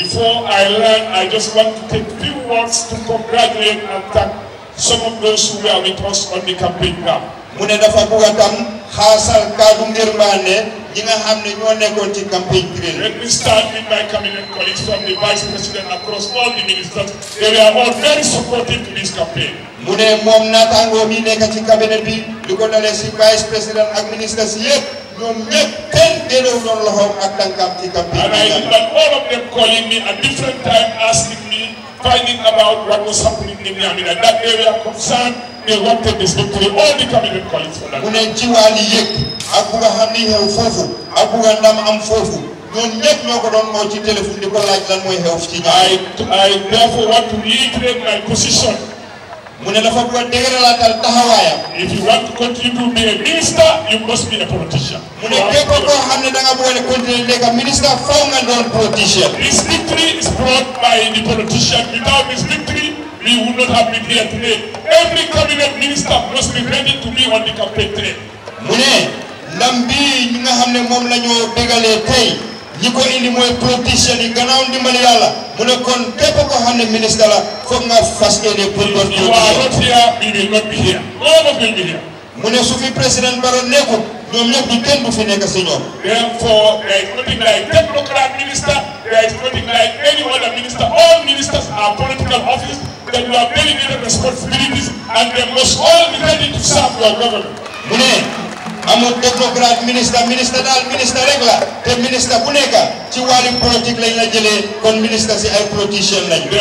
Before I learn, I just want to take few words to congratulate and thank some of those who were with us mu ne dafa bugg a tam xaasal kàddu ngërmaande ñi nga xam ne ñoo nekkoon ci campagne bi ren. Let me start with my cabinet colleagues from the vice president across all the ministers. They were all very supportive to this campaign. mu ne moom naataangoo bi nekk ci cabinet lu ko dalee si vice président ak ministres yëpp. ñoom ñëpp kenn delloo doon loxoom ak tànkam ci campagne bi. and I remember all of them calling me at different time asking me finding about what was happening in Niamey that area Concern, they wanted this victory all the cabinet colleagues for that. mu ne ci wàllu yëpp ak bu nga xam ni xew foofu ak bu nga ndam am foofu. ñoom ñëpp ñoo ko doon moo ci téléphone di ko laaj lan mooy xew ci ñoom. I I therefore want to reiterate my position. mu ne dafa bëggoon dégëralaatal taxawaayam. if you want to continue to be a minister you must be a politician. mu ne képp koo xam ne da nga bëggoon a continuer nekk ministre faw nga doon politicien. this victory is brought by the politician without this victory we would not have been here today every cabinet minister must be ready to be on the campaign trail. mu ne ndam bii ñi nga xam ne moom la ñu dégalee tey ñi ko indi mooy politicien yi gannaaw ndimbal yàlla. mu ne kon képp koo xam ne ministre la foog nga fas yéene pour. pour ñu war a mu ne su fi président Barrow nekkul ñoom ñëpp du kenn du fi nekk si ñoom. therefore there is nothing like technocrat minister there is nothing like any other minister all ministers are political office that you have very great responsibilities and they must all be ready to serve your government. mu amul technocrate ministre ministre daal ministre rek la te ministre bu nekk ci wàllum politique la jëlee kon ministre si ay politiciens lañ.